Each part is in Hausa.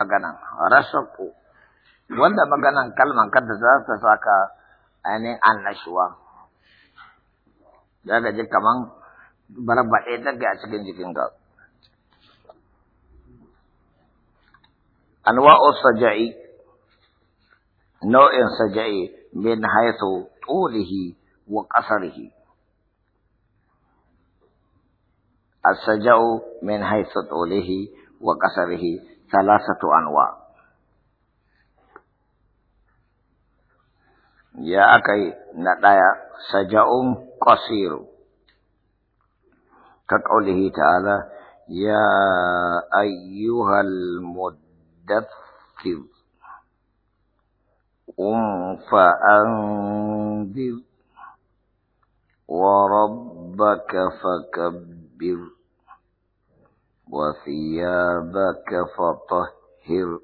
maganan rasaku wanda maganan kalman kada za ta saka ainihin annashuwa za ka ji kaman barbaɗe daga a cikin jikinka anwa'u saja'i nau'in saja'i min haythu tulihi wa qasarihi as-saja'u min haythu tulihi wa qasarihi ثلاثة أنواع يا أكي نتايا سجأم قصير كقوله تعالى يا أيها المدثر قم فأنذر وربك فكبر وثيابك فطهر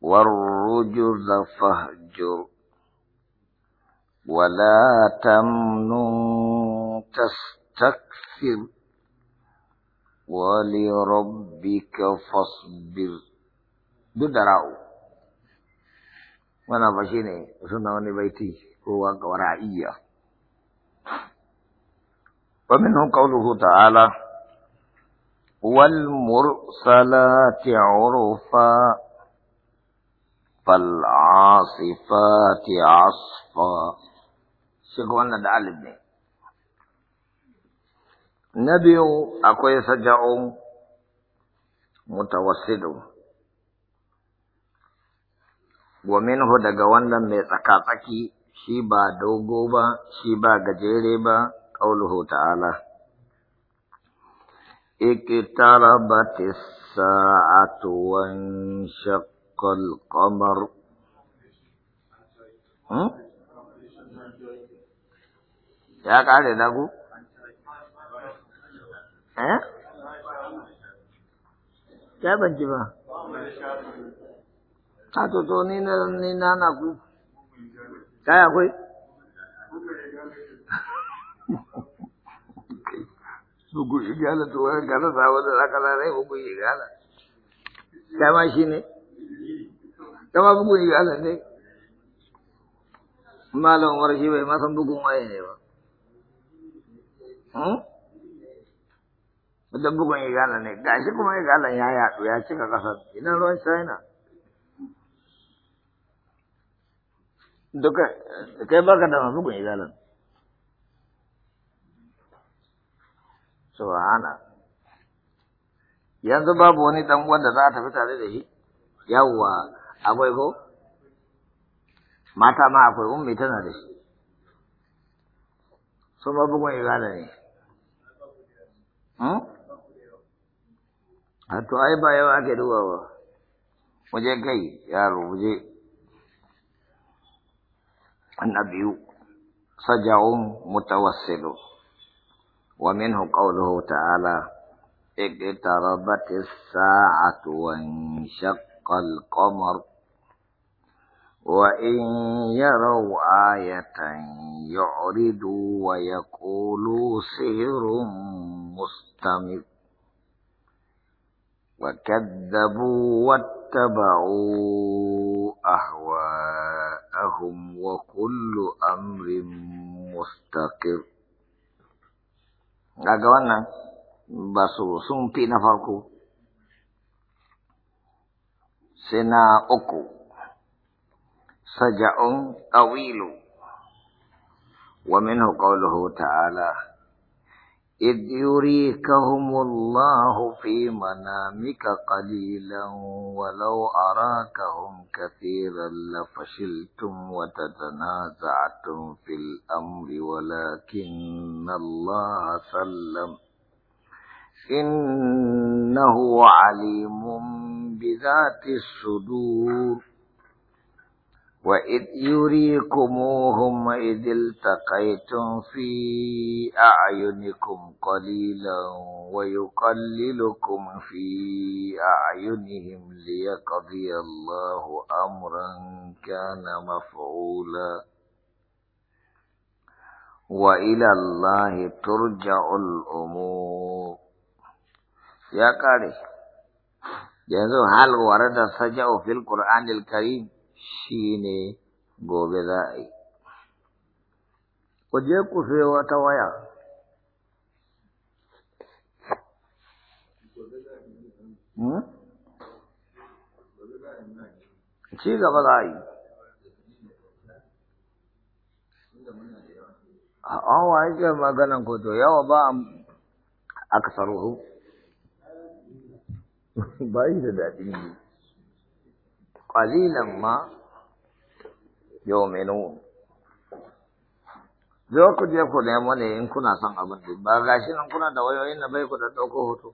والرجز فاهجر ولا تمن تستكثر ولربك فاصبر بدراو وانا بشيني سنة بيتي هو قرائية ومنه قوله تعالى والمرسلات عرفا فالعاصفات عصفا شكوانا دعالب ني نبي أكوي سجع متوسد ومنه دقوانا ميسكاتكي شي با دوغو با شي با gajere قوله تعالى اقتربت الساعة وانشق القمر يا قاعدة نقول eh ta ban ba. ta to ni na ni na na ku. akwai? bugu gala to wani gana sawa da zaka larai yi gala dama shi ne dama yi gala ne malam umar shi bai masan bugun waye ne ba hmm? da bugun gala ne shi kuma gala ya yaɗu ya cika kasa ina ruwan china duka kai baka da bugun ne. subhana yanzu babu wani dan wanda za a tafi tare da shi yawwa akwai ko mata ma akwai ummi tana da shi su ma bugun igala ne hmm? a ai ba yawa ake duba ba waje kai yaro waje annabiyu saja'un mutawassilu ومنه قوله تعالى اقتربت الساعة وانشق القمر وإن يروا آية يعرضوا ويقولوا سير مستمر وكذبوا واتبعوا أهواءهم وكل أمر مستقر daga wannan ba su sun fi na farko sai na uku saja'un ɗawilu wa minhu qawluhu ta'ala إذ يريكهم الله في منامك قليلا ولو أراكهم كثيرا لفشلتم وتتنازعتم في الأمر ولكن الله سلم إنه عليم بذات الصدور وإذ يريكموهم إذ التقيتم في أعينكم قليلا ويقللكم في أعينهم ليقضي الله أمرا كان مفعولا وإلى الله ترجع الأمور يا قاري جنزو هل ورد السجع في القرآن الكريم shine gobe za a yi. Ku je ku fi wata waya. Hmm? Ci gaba za a yi. An waye ke maganan koto yawa ba a kasar ba yi da daɗi ne. qalilan ma yu'minun zo ku je ku neman ne in kuna son abin da ba gashi nan kuna da wayoyin da bai ku da ɗauko hoto